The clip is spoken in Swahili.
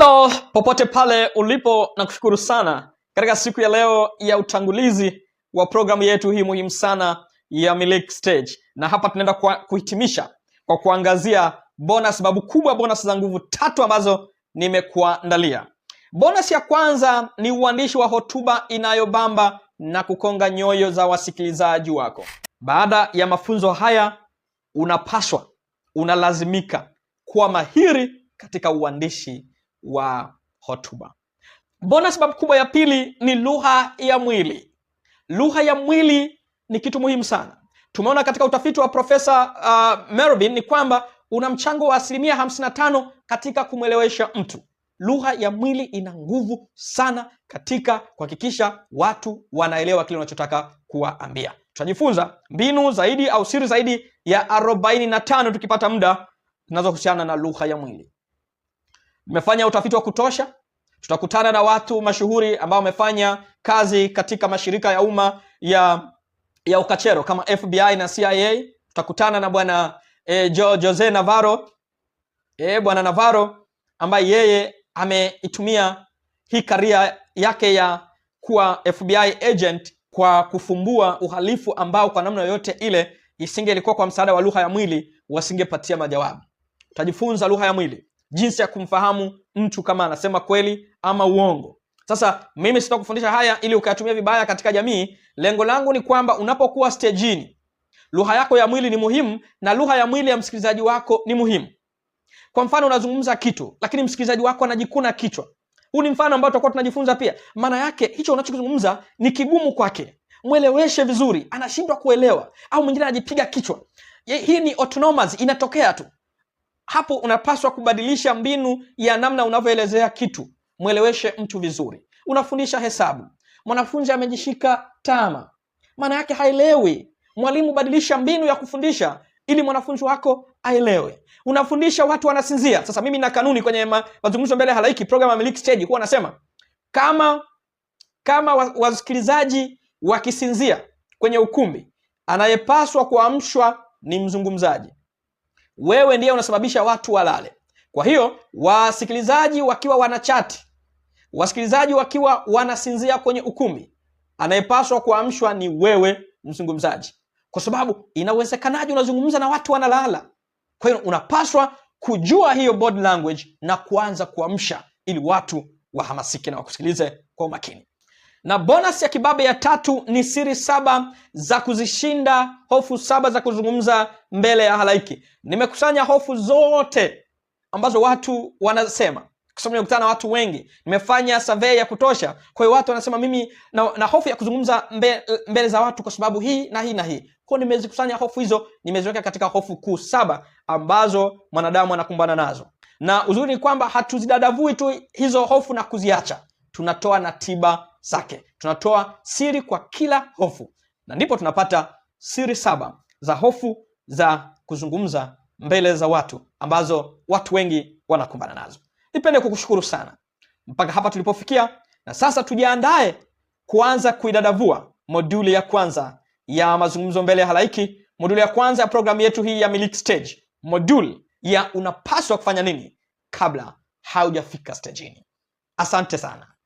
Hello popote pale ulipo, na kushukuru sana katika siku ya leo ya utangulizi wa programu yetu hii muhimu sana ya Miliki Stage, na hapa tunaenda kuhitimisha kwa kuangazia bonus, babu kubwa, bonus za nguvu tatu ambazo nimekuandalia. Bonus ya kwanza ni uandishi wa hotuba inayobamba na kukonga nyoyo za wasikilizaji wako. Baada ya mafunzo haya, unapaswa unalazimika kuwa mahiri katika uandishi wa hotuba. Mbona sababu kubwa ya pili ni lugha ya mwili. Lugha ya mwili ni kitu muhimu sana. Tumeona katika utafiti wa Profesa uh, Mervin ni kwamba una mchango wa asilimia hamsini tano katika kumwelewesha mtu. Lugha ya mwili ina nguvu sana katika kuhakikisha watu wanaelewa kile unachotaka kuwaambia. Tutajifunza mbinu zaidi au siri zaidi ya 45 tukipata muda zinazohusiana na lugha ya mwili. Tumefanya utafiti wa kutosha, tutakutana na watu mashuhuri ambao wamefanya kazi katika mashirika ya umma ya ya ukachero kama FBI na CIA. Tutakutana na bwana e, jo, Jose Navarro e, bwana Navarro ambaye yeye ameitumia hii karia yake ya kuwa FBI agent kwa kufumbua uhalifu ambao kwa namna yoyote ile isingelikuwa kwa msaada wa lugha ya mwili wasingepatia majawabu. Utajifunza lugha ya mwili jinsi ya kumfahamu mtu kama anasema kweli ama uongo. Sasa mimi sitakufundisha haya ili ukayatumia vibaya katika jamii. Lengo langu ni kwamba unapokuwa stejini, lugha yako ya mwili ni muhimu na lugha ya mwili ya msikilizaji wako ni muhimu. Kwa mfano, unazungumza kitu lakini msikilizaji wako anajikuna kichwa. Huu ni mfano ambao tutakuwa tunajifunza pia. Maana yake hicho unachozungumza ni kigumu kwake, mweleweshe vizuri, anashindwa kuelewa, au mwingine anajipiga kichwa. Hii ni autonomous, inatokea tu hapo unapaswa kubadilisha mbinu ya namna unavyoelezea kitu, mweleweshe mtu vizuri. Unafundisha hesabu, mwanafunzi amejishika tama, maana yake haelewi. Mwalimu, badilisha mbinu ya kufundisha ili mwanafunzi wako aelewe. Unafundisha watu wanasinzia. Sasa mimi na kanuni kwenye mazungumzo mbele ya halaiki, program ya Miliki huwa nasema kama kama wasikilizaji wakisinzia kwenye ukumbi, anayepaswa kuamshwa ni mzungumzaji. Wewe ndiye unasababisha watu walale. Kwa hiyo wasikilizaji wakiwa wanachati, wasikilizaji wakiwa wanasinzia kwenye ukumbi, anayepaswa kuamshwa ni wewe mzungumzaji, kwa sababu inawezekanaje unazungumza na watu wanalala? Kwa hiyo unapaswa kujua hiyo body language na kuanza kuamsha, ili watu wahamasike na wakusikilize kwa umakini na bonus ya kibabe ya tatu ni siri saba za kuzishinda hofu saba za kuzungumza mbele ya halaiki. Nimekusanya hofu zote ambazo watu wanasema, kwa sababu nimekutana na watu wengi, nimefanya survey ya kutosha. Kwa hiyo watu wanasema mimi na, na hofu ya kuzungumza mbe, mbele za watu kwa sababu hii na hii na hii. Kwa hiyo nimezikusanya hofu hizo, nimeziweka katika hofu kuu saba ambazo mwanadamu anakumbana nazo, na uzuri ni kwamba hatuzidadavui tu hizo hofu na kuziacha, tunatoa na tiba zake. Tunatoa siri kwa kila hofu, na ndipo tunapata siri saba za hofu za kuzungumza mbele za watu ambazo watu wengi wanakumbana nazo. Nipende kukushukuru sana mpaka hapa tulipofikia, na sasa tujiandae kuanza kuidadavua moduli ya kwanza ya mazungumzo mbele ya halaiki, moduli ya kwanza ya programu yetu hii ya milik Stage, moduli ya unapaswa kufanya nini kabla haujafika stejini. Asante sana.